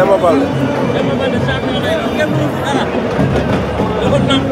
Demba Baldé. Demba Baldé champion lay doon kenn mënu dara.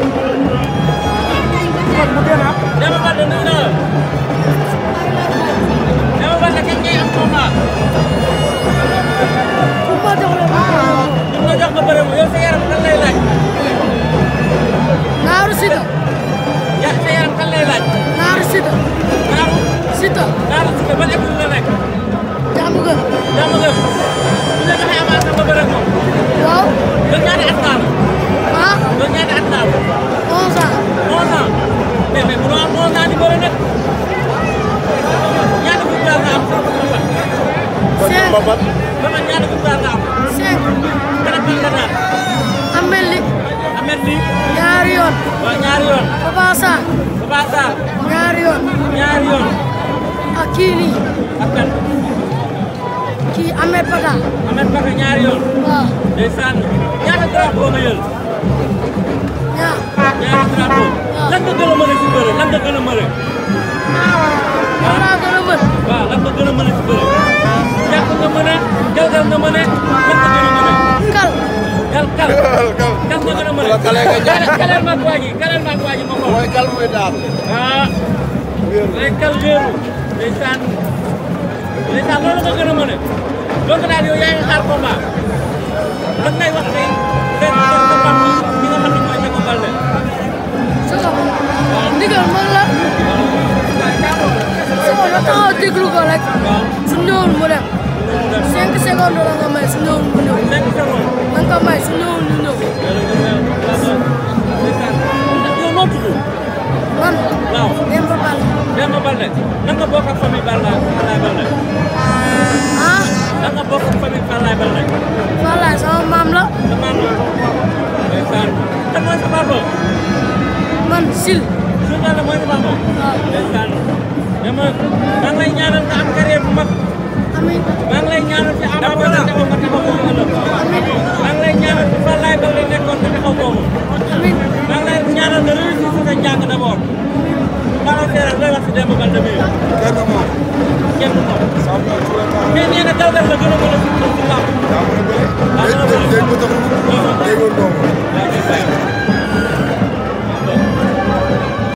mbapat. cinq. amel li. amel li. ñaari yoon. waaw ñaari yoon. Papa Sarr. Papa Sarr. ñaari yoon. ñaari yoon. ak kii nii. ak kan. kii Ahmed Paka. Ahmed Paka ñaari yoon. waaw. ndeysaan ñaata drapeau nga jël. ñaar. ñaari drapeau. waaw lan nga gën a mën a si bëre lan nga gën a mën a. kal kal kas ma gën a mën a. kale nga jàpp kaleel ma ak waa ji kaleel ma ak waa ji ma xool. mooy kal mooy daal. ah. wéeru mooy kal wéeru. ndeysaan ndeysaan loolu nga gën a mën a. donc daal yow yaa ngi xaar combat. lan ngay wax tey seen seen sa fan yi ñi nga xam ne mooy Jacob Baldé. sama ndigal man la. sama na taxaw déglu ko rek. su ñëwul mu dem. cinq secondes la nga may su ñëw mu ñëw na nga may su ñëw mu ñëw. man. waaw Demba Baldé. Demba Baldé nan nga bokk ak famille Baldé Falaye Baldé. ah. nan nga bokk ak famille Falaye Baldé. Falaye sama maam la. sa maam la. ndeysaan. kan mooy sa papa. man Sil. Sil Baldé mooy sa papa. waaw ndeysaan. mais man nan lay ñaanal nga am carrière bu mag. tànk d' abord. Balla Gaye lay wax si Demba Baldé bi. kenn du moom. kenn du moom. mais nee na dawal la gën a